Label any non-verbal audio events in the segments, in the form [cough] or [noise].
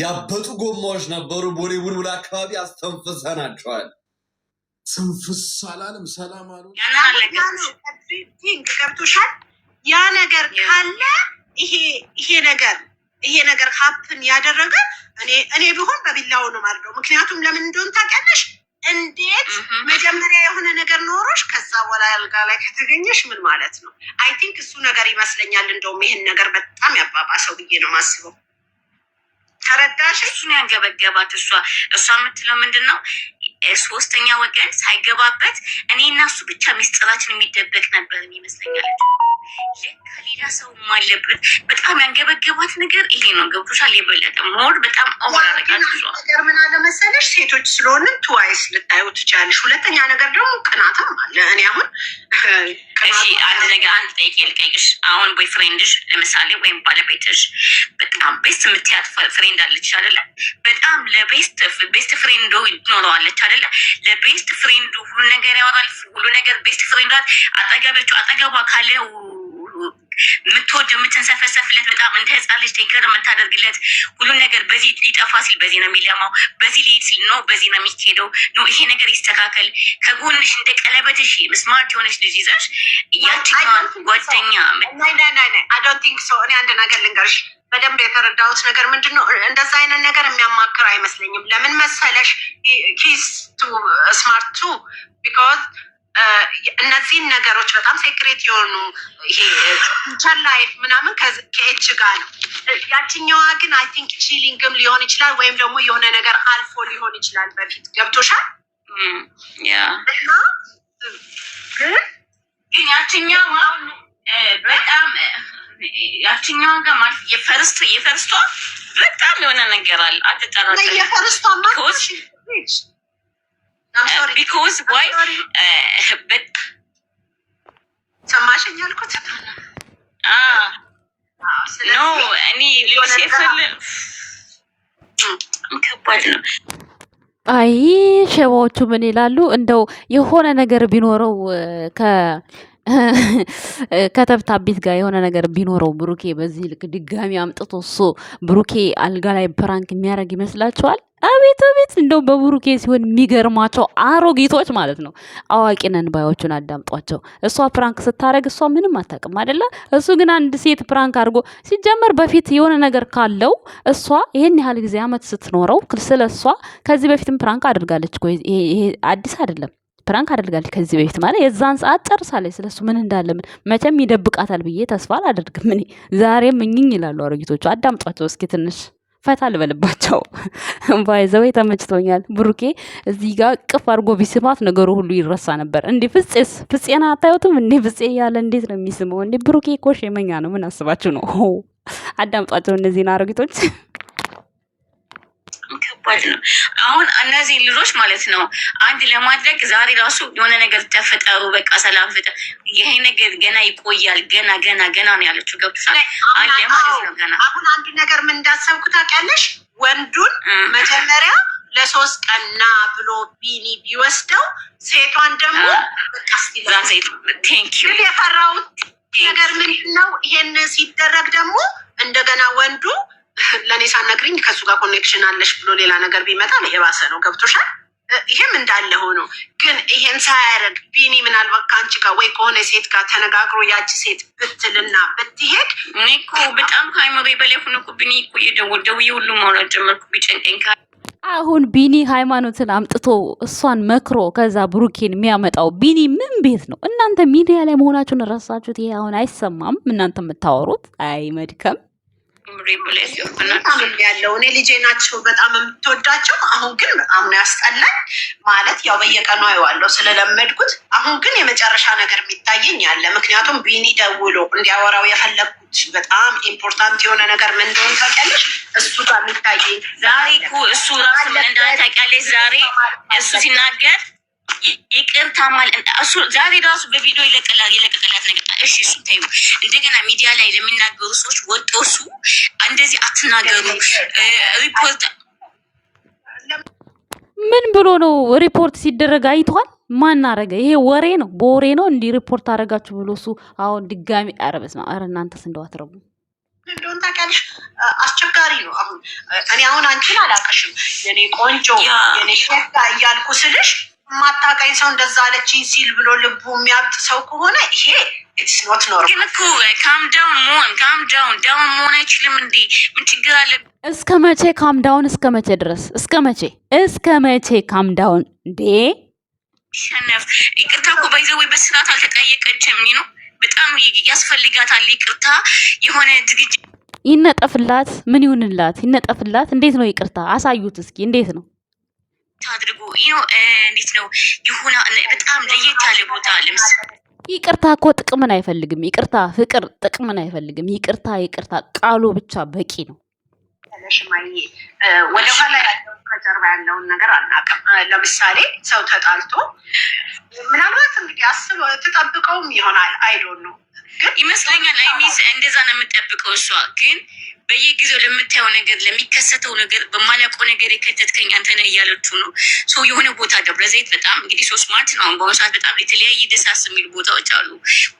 ያበጡ ጎማዎች ነበሩ። ቦሌ ቡልቡል አካባቢ አስተንፍሰናቸዋል። ስንፍስ አላለም። ሰላም አሉ ገብቶሻል። ያ ነገር ካለ ይሄ ነገር ይሄ ነገር ሀፕን ያደረገ እኔ ቢሆን በቢላው ነው ማለት ነው። ምክንያቱም ለምን እንደሆን ታውቂያለሽ እንዴት በኋላ አልጋ ላይ ከተገኘሽ ምን ማለት ነው? አይ ቲንክ እሱ ነገር ይመስለኛል። እንደውም ይህን ነገር በጣም ያባባሰው ብዬ ነው ማስበው። ተረዳሽ? እሱን ያንገበገባት እሷ እሷ የምትለው ምንድን ነው? ሶስተኛ ወገን ሳይገባበት እኔ እና እሱ ብቻ ሚስጥራችን የሚደበቅ ነበር ይመስለኛል። ልክ ሌላ ሰው አለበት። በጣም ያንገበገባት ነገር ይሄ ነው። ገብቶሻል? የበለጠ ሞድ በጣም ነገር ምን አለ መሰለሽ፣ ሴቶች ስለሆንን ትዋይስ ልታዩ ትችላለሽ። ሁለተኛ ነገር ደግሞ ቅናትም አለ። እኔ አሁን እሺ፣ አንድ ነገር አንድ ጠይቄ ልቀይቅሽ። አሁን ቦይ ፍሬንድሽ ለምሳሌ ወይም ባለቤትሽ በጣም ቤስት የምትያት ፍሬንድ አለች አደለ? በጣም ለቤስት ቤስት ፍሬንዶ ትኖረዋለች አደለ? ለቤስት ፍሬንዱ ሁሉ ነገር ያወራል። ሁሉ ነገር ቤስት ፍሬንዷት አጠገበችው አጠገቧ ካለው። የምትወደው የምትንሰፈሰፍለት በጣም እንደ ህፃን ልጅ ቴክር የምታደርግለት ሁሉን ነገር በዚህ ሊጠፋ ሲል በዚህ ነው የሚለማው፣ በዚህ ሊሄድ ሲል ነው በዚህ ነው የሚሄደው። ነው ይሄ ነገር ይስተካከል። ከጎንሽ እንደ ቀለበትሽ ስማርት የሆነች ልጅ ይዘሽ ያችኛዋን ጓደኛ ሶ እኔ አንድ ነገር ልንገርሽ በደንብ የተረዳሁት ነገር ምንድን ነው፣ እንደዛ አይነት ነገር የሚያማክር አይመስለኝም። ለምን መሰለሽ ኪስ ቱ ስማርት ቱ ቢካዝ እነዚህን ነገሮች በጣም ሴክሬት የሆኑ ይሄ ላይፍ ምናምን ከኤች ጋር ነው። ያችኛዋ ግን አይ ቲንክ ቺሊንግም ሊሆን ይችላል ወይም ደግሞ የሆነ ነገር አልፎ ሊሆን ይችላል። በፊት ገብቶሻል እና ግን ያችኛዋ በጣም ያችኛዋ የፈርስቷ በጣም የሆነ ነገር አለ። አትጠራጠር የፈርስቷ ማ ቢኮዝ ዋይ uh, ሰማሽኝ ያልኩት ኖ እኔ ከባድ ነው። አይ ሸባዎቹ ምን ይላሉ? እንደው የሆነ ነገር ቢኖረው ከ [laughs] ከተብታ ቤት ጋር የሆነ ነገር ቢኖረው ብሩኬ በዚህ ልክ ድጋሚ አምጥቶ እሱ ብሩኬ አልጋ ላይ ፕራንክ የሚያደርግ ይመስላችኋል? አቤት አቤት! እንደው በብሩኬ ሲሆን የሚገርማቸው አሮጊቶች ማለት ነው። አዋቂ ነን ባዮቹን አዳምጧቸው። እሷ ፕራንክ ስታደረግ እሷ ምንም አታውቅም አይደለ? እሱ ግን አንድ ሴት ፕራንክ አድርጎ ሲጀመር በፊት የሆነ ነገር ካለው እሷ ይህን ያህል ጊዜ አመት ስትኖረው ስለ እሷ ከዚህ በፊትም ፕራንክ አድርጋለች። ይሄ አዲስ አይደለም። ፕራንክ አደርጋለች ከዚህ በፊት ማለት የዛን ሰዓት ጨርሳለች። ስለሱ ምን እንዳለምን መቼም ይደብቃታል ብዬ ተስፋ አላደርግም። እኔ ዛሬም እኝኝ ይላሉ አሮጊቶቹ። አዳምጧቸው እስኪ ትንሽ ፈታ ልበልባቸው። ባይዘወይ ተመችቶኛል። ብሩኬ እዚህ ጋር ቅፍ አድርጎ ቢስማት ነገሩ ሁሉ ይረሳ ነበር። እንዴ ፍፄስ ፍጼና አታዩትም? እንዴ ፍጼ እያለ እንዴት ነው የሚስመው? እንዴ ብሩኬ እኮ ሼመኛ ነው። ምን አስባችሁ ነው? አዳምጧቸው እነዚህን አሮጊቶች። ከባድ ነው። አሁን እነዚህ ልጆች ማለት ነው አንድ ለማድረግ ዛሬ ራሱ የሆነ ነገር ተፈጠሩ፣ በቃ ሰላም ፍጠ ይሄ ነገር ገና ይቆያል። ገና ገና ገና ነው ያለችው። ገብቶሻል? አንድ ማለት ነው ገና አሁን አንድ ነገር ምን እንዳሰብኩ ታውቂያለሽ? ወንዱን መጀመሪያ ለሶስት ቀና ብሎ ቢኒ ቢወስደው ሴቷን ደግሞ የፈራሁት ነገር ምንድን ነው? ይሄን ሲደረግ ደግሞ እንደገና ወንዱ ለእኔ ሳነግሪኝ ከእሱ ጋር ኮኔክሽን አለሽ ብሎ ሌላ ነገር ቢመጣ የባሰ ነው። ገብቶሻል? ይህም እንዳለ ሆኖ ግን ይሄን ሳያደርግ ቢኒ ምናልባት ከአንቺ ጋር ወይ ከሆነ ሴት ጋር ተነጋግሮ ያቺ ሴት ብትልና ብትሄድ እኔ እኮ በጣም ሃይማኖ በላይ ሆነ እኮ ቢኒ እኮ እየደወል ደውዬ ሁሉ ማውራት ጀመርኩ ቢጨንቀኝ አሁን ቢኒ ሃይማኖትን አምጥቶ እሷን መክሮ ከዛ ብሩኬን የሚያመጣው ቢኒ ምን ቤት ነው? እናንተ ሚዲያ ላይ መሆናችሁን ረሳችሁት። ይሄ አሁን አይሰማም እናንተ የምታወሩት። አይ መድከም በጣም ያለው እኔ ልጄ ናቸው በጣም የምትወዳቸው። አሁን ግን በጣም ነው ያስጠላኝ። ማለት ያው በየቀኑ አየዋለሁ ስለለመድኩት። አሁን ግን የመጨረሻ ነገር የሚታየኝ ያለ ምክንያቱም ቢኒ ደውሎ እንዲያወራው የፈለግኩት በጣም ኢምፖርታንት የሆነ ነገር ምን እንደሆነ ታውቂያለሽ? እሱ ጋር የሚታየኝ ዛሬ እሱ ራሱ ምን እንደሆነ ታውቂያለሽ? ዛሬ እሱ ሲናገር ይቅርታ ማለት እሱ ዛሬ ራሱ በቪዲዮ ይለቀላል የለቀቀላት ነገር እሺ፣ እሱ ታዩ። እንደገና ሚዲያ ላይ ለሚናገሩ ሰዎች ወጥተው እሱ እንደዚህ አትናገሩ ሪፖርት ምን ብሎ ነው ሪፖርት ሲደረግ አይቷል። ማን አረገ? ይሄ ወሬ ነው፣ በወሬ ነው እንዲህ ሪፖርት አረጋችሁ ብሎ እሱ አሁን ድጋሚ አረበስ ነው። አረ እናንተስ እንደው አትረቡ እንደሆን ታውቂያለሽ፣ አስቸጋሪ ነው። አሁን እኔ አሁን አንቺን አላቀሽም የኔ ቆንጆ የኔ እያልኩ ስልሽ ማታቀኝ ሰው እንደዛ አለችኝ ሲል ብሎ ልቡ የሚያብጥ ሰው ከሆነ ይሄ ስኖት ኖር ግን እኮ ካም ዳውን መሆን ካም ዳውን ዳውን መሆን አይችልም እንዴ? ምን ችግር አለ? እስከ መቼ ካም ዳውን? እስከ መቼ ድረስ? እስከ መቼ እስከ መቼ ካም ዳውን እንዴ? ሸነፍ ይቅርታ እኮ ባይዘው ወይ በስርዓት አልተጠየቀችም ነው። በጣም ያስፈልጋታል ይቅርታ የሆነ ዝግጅ ይነጠፍላት። ምን ይሁንላት? ይነጠፍላት። እንዴት ነው ይቅርታ? አሳዩት እስኪ እንዴት ነው ታድርጉ። እንዴት ነው ይሁና በጣም ለየት ያለ ቦታ ልምስ ይቅርታ እኮ ጥቅምን አይፈልግም። ይቅርታ ፍቅር ጥቅምን አይፈልግም። ይቅርታ ይቅርታ ቃሉ ብቻ በቂ ነው። ወደኋላ ያለውን ከጀርባ ያለውን ነገር አናውቅም። ለምሳሌ ሰው ተጣልቶ ምናልባት እንግዲህ አስብ ትጠብቀውም ይሆናል አይዶ ነው ይመስለኛል። አይ እንደዛ ነው የምጠብቀው እሷ ግን በየጊዜው ለምታየው ነገር ለሚከሰተው ነገር በማላውቀው ነገር የከተትከኝ አንተ ነህ እያለችው ነው። ሰው የሆነ ቦታ ደብረ ዘይት በጣም እንግዲህ ሶስት ማርት ነው። አሁን በአሁኑ ሰዓት በጣም የተለያየ ደሳስ የሚሉ ቦታዎች አሉ።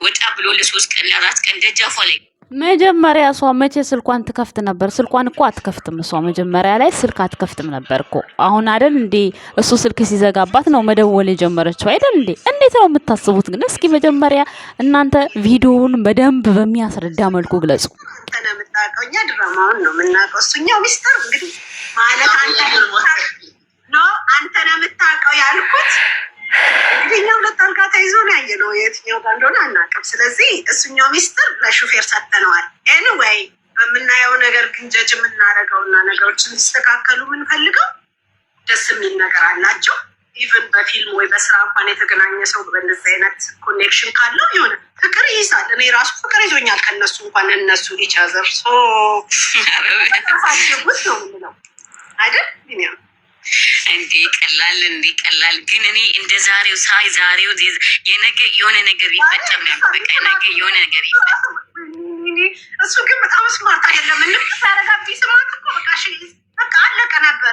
ወጣ ብሎ ለሶስት ቀን ለአራት ቀን ደጃፏ ላይ መጀመሪያ እሷ መቼ ስልኳን ትከፍት ነበር? ስልኳን እኮ አትከፍትም። እሷ መጀመሪያ ላይ ስልክ አትከፍትም ነበር እኮ። አሁን አይደል እንዴ እሱ ስልክ ሲዘጋባት ነው መደወል የጀመረችው አይደል እንዴ? እንዴት ነው የምታስቡት ግን? እስኪ መጀመሪያ እናንተ ቪዲዮውን በደንብ በሚያስረዳ መልኩ ግለጹ። ድራማውን ነው የምናውቀው። እሱኛው እንግዲህ ማለት አንተ ነው አንተ ነው የምታውቀው ያልኩት እኛ ሁለት አልጋ ተይዞ ነው ያየነው። የትኛው ጋር እንደሆነ አናውቅም። ስለዚህ እሱኛው ሚስጥር ለሹፌር ሰጥተነዋል። ኤኒዌይ በምናየው ነገር ግን ጀጅ የምናደርገው እና ነገሮች እንዲስተካከሉ የምንፈልገው ደስ የሚል ነገር አላቸው። ኢቨን በፊልም ወይ በስራ እንኳን የተገናኘ ሰው በእንደዚህ አይነት ኮኔክሽን ካለው የሆነ ፍቅር ይይዛል። እኔ ራሱ ፍቅር ይዞኛል ከነሱ እንኳን እነሱ ኢቻዘር ሶ [laughs] ነው ምንለው አይደል? እንዴ ቀላል እንዴ ቀላል ግን እኔ እንደ ዛሬው ሳይ ዛሬው የነገ የሆነ ነገር ይፈጠም ያበቀ ነገ የሆነ ነገር ይፈጠም። እሱ ግን በጣም ስማርት አይደለም። ምንም ሳረጋቢ ስማርት እኮ በቃ ሽ በቃ አለቀ ነበር።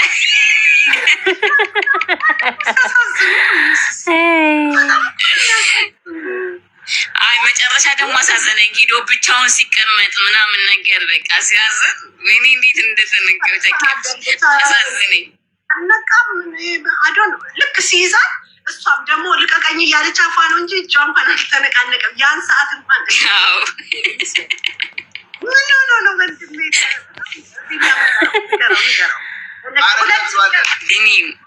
አይ መጨረሻ ደግሞ አሳዘነኝ። ጊዶ ብቻውን ሲቀመጥ ምናምን ነገር በቃ ሲያዘን ወይኔ እንዴት እንደተነገው ተቀ አሳዘነኝ። አልነቃም። አዶ ነው ልክ ሲይዛል እሷም ደግሞ ልቀቀኝ እያለች አፏ ነው እንጂ እጇ እንኳን አልተነቃነቀም። ያን ሰዓት እንኳን ምን ሆኖ ነው ወንድሜ?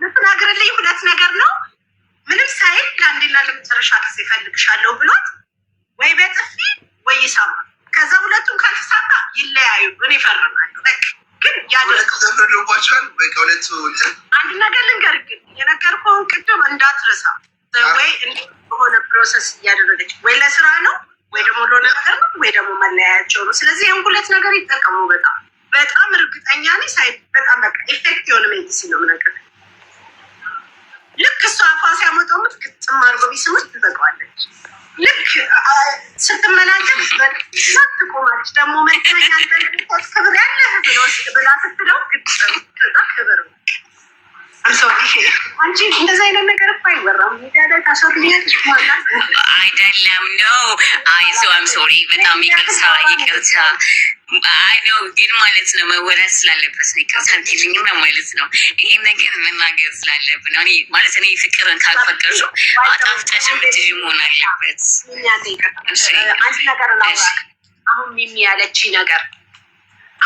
ልትናገርልኝ ሁለት ነገር ነው። ምንም ሳይል ለአንዴና ለመጨረሻ ጊዜ ፈልግሻለሁ ብሏት ወይ በጥፊ ወይ ይሳማ። ከዛ ሁለቱን ካልተሳካ ይለያዩ። እኔ ፈርማለሁ በቃ ግን ያደርግባቸዋል። በቀሁለቱ አንድ ነገር ልንገርህ፣ ግን የነገርኩህን ቅድም እንዳትረሳ። ወይ በሆነ ፕሮሰስ እያደረገች ወይ ለስራ ነው ወይ ደግሞ ለሆነ ነገር ነው ወይ ደግሞ መለያያቸው ነው። ስለዚህ ይህን ሁለት ነገር ይጠቀሙ። በጣም በጣም እርግጠኛ ነኝ። ሳይ በጣም በቃ ኤፌክት የሆነ ሜዲሲን ነው ምነገር ልክ እሷ አፏ ሲያመጣሙት ግጥም አድርጎ ቢስሙት ትዘጋዋለች። ልክ ስትመናገር ትቆማለች። ደግሞ መገናኛ ክብር ብላ ነው። አንቺ እንደዛ አም ሶሪ በጣም ይቅርታ ይቅርታ። አይ ነው ግን ማለት ነው መወራት ስላለበት ነው ይቅርታ ትልኝም ማለት ነው ይሄም ነገር መናገር ስላለብን ነው ማለት እኔ ፍቅርን ካልፈቀርሹ አጣፍጠሽ የምትይ መሆን አለበት። አንድ ነገር ላውራ አሁን ሚሚ ያለችኝ ነገር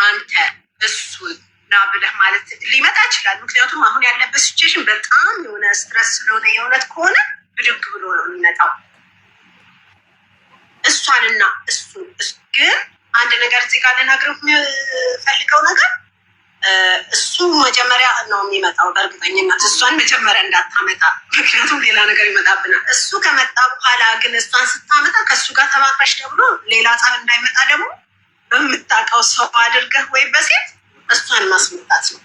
አንተ እሱ ና ብለህ ማለት ሊመጣ ይችላል። ምክንያቱም አሁን ያለበት ሲቹዌሽን በጣም የሆነ ስትረስ ስለሆነ የእውነት ከሆነ ብድግ ብሎ ነው የሚመጣው። እሷንና እሱ ግን አንድ ነገር እዚህ ጋር ልናገር የሚፈልገው ነገር እሱ መጀመሪያ ነው የሚመጣው በእርግጠኝነት እሷን መጀመሪያ እንዳታመጣ፣ ምክንያቱም ሌላ ነገር ይመጣብናል። እሱ ከመጣ በኋላ ግን እሷን ስታመጣ ከእሱ ጋር ተባክረሽ ተብሎ ሌላ ጸብ እንዳይመጣ ደግሞ በምታውቀው ሰው አድርገህ ወይ በሴት እሷን ማስመጣት ነው።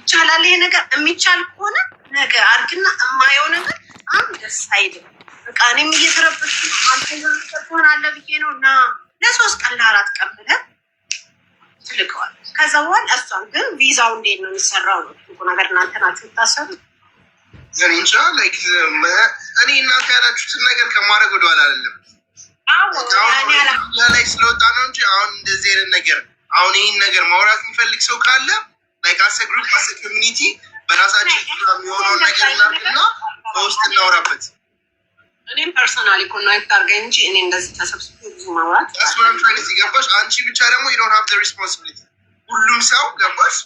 ይቻላል። ይሄ ነገር የሚቻል ከሆነ ነገ አድርግና የማየው ነገር በጣም ደስ አይልም። በቃ እኔም እየተረበሽ አንተሆን አለ ብዬ ነው እና ለሶስት ቀን ለአራት ቀን ብለህ ትልቀዋል። ከዛ በኋላ እሷን ግን ቪዛው እንዴት ነው የሚሰራው? ነው ነገር እናንተ ናችሁ የምታሰሩ እንጃ። እኔ እናንተ ያላችሁትን ነገር ከማድረግ ወደኋላ አይደለም ላይ ስለወጣ ነው እንጂ አሁን እንደዚህ አይነት ነገር አሁን ይህን ነገር ማውራት የሚፈልግ ሰው ካለ ላይቃሰ ግሩፕ አሰ ኮሚኒቲ በራሳችን የሚሆነውን ነገር እናርግና በውስጥ እናውራበት። እኔም ፐርሶናል ኮናክት አድርገኝ እንጂ እኔ እንደዚህ ተሰብስቦ ብዙ ማውራት ስራምሳሌት ገባሽ። አንቺ ብቻ ደግሞ ዩዶን ሀብ ሪስፖንሲቢሊቲ ሁሉም ሰው ገባሽ።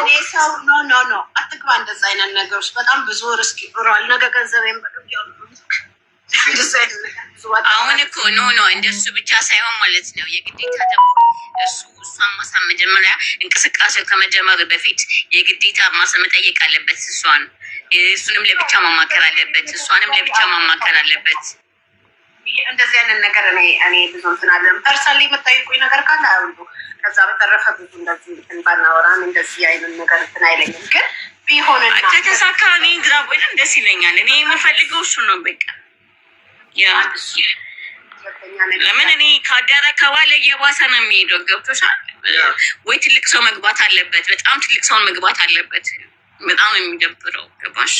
እኔ ሰው ኖ ኖ ኖ አትግባ እንደዛ አይነት ነገሮች በጣም ብዙ ሪስክ ይኖረዋል። ነገ ገንዘብ አሁን እኮ ኖ ኖ እንደሱ ብቻ ሳይሆን ማለት ነው የግዴታ እሱ እሷን መጀመሪያ እንቅስቃሴው ከመጀመሩ በፊት የግዴታ መጠየቅ አለበት። እሷን እሱንም ለብቻ ማማከር አለበት። እሷንም ለብቻ ማማከር አለበት። እንደዚህ አይነት ነገር እኔ እኔ ብዙ እንትን ፐርሰን ነገር ካለ አሉ። ከዛ በተረፈ ብዙ እንደዚህ እንትን ባናወራም እንደዚህ አይነት ነገር እንትን አይለኝም። ግን ከተሳካ እኔ ደስ ይለኛል። እኔ የምፈልገው እሱ ነው በቃ ለምን እኔ ካደረ ከዋለ የባሰ ነው የሚሄደው። ገብቶሻል ወይ? ትልቅ ሰው መግባት አለበት። በጣም ትልቅ ሰውን መግባት አለበት። በጣም ነው የሚደብረው። ገባሽ?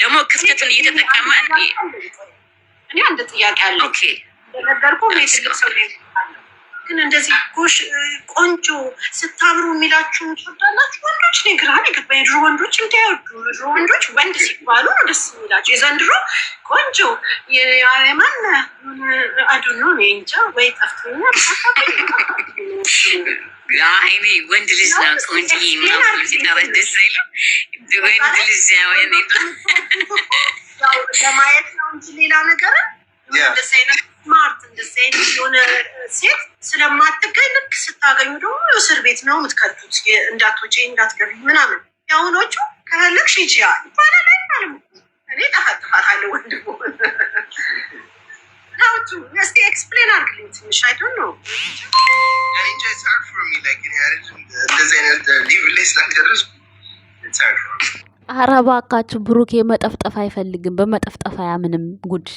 ደግሞ ክፍተትን እየተጠቀመ እኔ አንድ ጥያቄ አለ። ሰው ግን እንደዚህ ጎሽ ቆንጆ ስታምሩ የሚላችሁ ትወዳላችሁ ወንዶች። እኔ ግራ ገባኝ። የድሮ ወንዶች እንዳይወዱ ድሮ ወንዶች ወንድ ሲባሉ ደስ የሚላቸው የዘንድሮ ቆንጆ የማን አዱ ነው እንጃ ወይ ጠፍቶኛ አይኔ ወንድ ልጅ ነው ቆንጆ ደስ ወንድ ልጅ ለማየት ነው እንጂ ሌላ ነገርን ደስ አይነት ማርት እንደዚህ አይነት የሆነ ሴት ስለማትገኝ ልክ ስታገኙ ደግሞ እስር ቤት ነው የምትከቱት፣ እንዳትወጪ እንዳትገቢ ምናምን። የአሁኖቹ ከፈለግሽ ሂጂ ይባላል አይባልም። እኔ ጠፈጥፋታለሁ ወንድሙ ሀውቱ ኤክስፕሌን አድርግልኝ ትንሽ አይቶን ነው አረ እባካችሁ ብሩኬ መጠፍጠፍ አይፈልግም። በመጠፍጠፍ አያምንም ጉድ